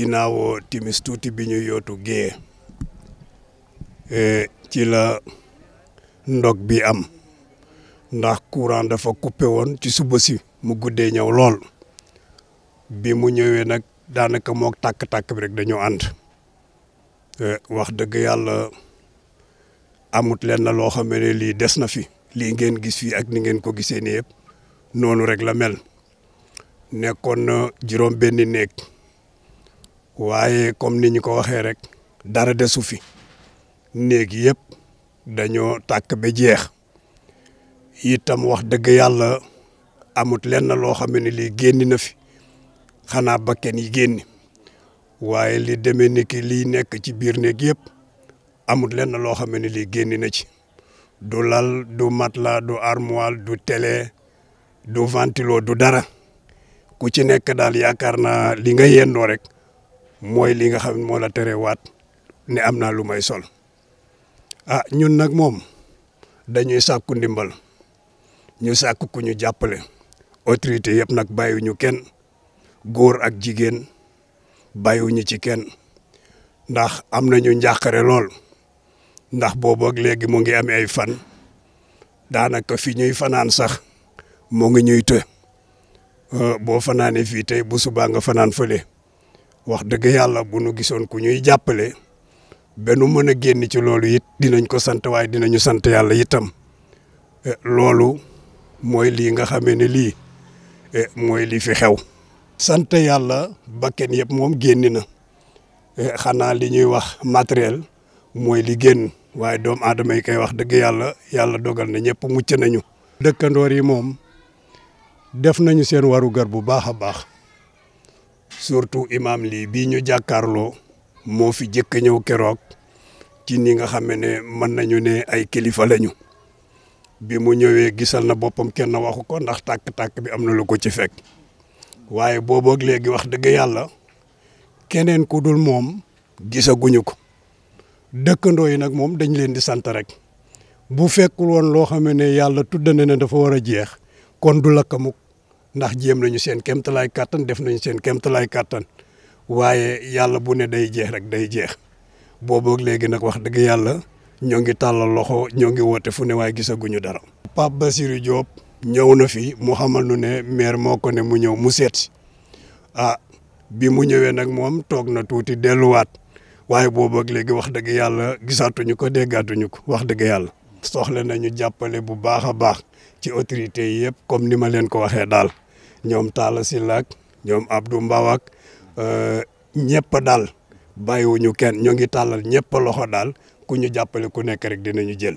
ginnaawoo timis tuuti bi ñu yootu gée ci la ndog bi am ndax courant dafa coupé woon ci suba si mu guddee ñëw lool bi mu ñëwee nag daanaka mook tàkk-tàkk bi rek dañoo ànd e, wax dëgg yàlla amut leen na loo xam ne lii des na fi lii ngeen gis fii ak ni ngeen ko gisee ni yëpp noonu rek la mel nekkoon benni néeg waaye comme ni ñu ko waxee rek dara desu fi néeg yëpp dañoo tàkk ba jeex itam wax dëgg yàlla amut lenn loo xam ne lii génn na fi xanaa bakken yi waaye li demee ni ki lii nekk ci biir néeg amut lenn loo xam ne lii génn na ci du lal du matla du armoire du télé du ventilo du dara ku ci nekk daal yaakaar naa li nga yendoo rek mooy li nga xam ne moo la tere waat ne am naa lu may sol ah ñun nag moom dañuy sàkku ndimbal ñu sàkk ku ñu jàppale autorité yëpp nag bàyyiwuñu kenn góor ak jigéen bàyyiwuñu ci kenn ndax am nañu njàqare lool ndax boobu ak léegi mu ngi am ay fan daanaka fi ñuy fanaan sax mu ngi ñuy të uh, boo fanaanee fii tey bu subaa nga fanaan fële. wax deug yalla bu nu gison ku ñuy jàppale be nu mëna genn ci loolu yit dinañ ko sant way dinañu sant yàlla itam eh, loolu moy li nga xamee ne lii eh, moy li fi xew. sant yalla bakken yeb mom gennina na eh li ñuy wax matériel moy li genn waye doom adamay kay wax deug yalla yalla dogal na ñepp mucc nañu. dekkandor yi mom def nañu seen gar bu baaxa baax. surtout imam lii bii ñu jàkkaarloo moo fi jëkk ñëw keroog ci ni nga xame ne mën nañu ne ay kilifa lañu bi mu ñëwee gisal na boppam kenn waxu ko ndax tàkk-tàkk bi am na lu ko ci fekk waaye booboog léegi wax dëgg yàlla keneen ku dul moom gisaguñu ko dëkkandoo yi nag moom dañ leen di sant rek bu fekkul woon loo xam ne yàlla tudd na ne dafa war a jeex kon du lakk ndax jëm nañu seen lay kàttan def nañu seen lay kàttan waaye yàlla bu ne day jeex rek day jeex booboog léegi nak wax dëgg yàlla ñoo ngi tàllal loxo ñoo ngi woote fu ne waaye gisaguñu dara. pap basiru Diop ñëw na fi mu xamal nu ne maire moo ko ne mu ñëw mu seet ah bi mu ñëwee nag moom toog na tuuti delluwaat waaye booboog léegi wax dëgg yàlla gisaatuñu ko déggaatuñu ko wax dëgg yàlla. soxla nañu jàppale bu baax a baax ci autorité yi yëpp comme ni ma ko waxee daal. ñoom Talla Sylla ak ñoom Abdou Mbaw ak euh, ñëpp daal bàyyiwuñu kenn ñoo ngi tàllal ñëpp loxo daal ku ñu jàppale ku nekk rek dinañu jël.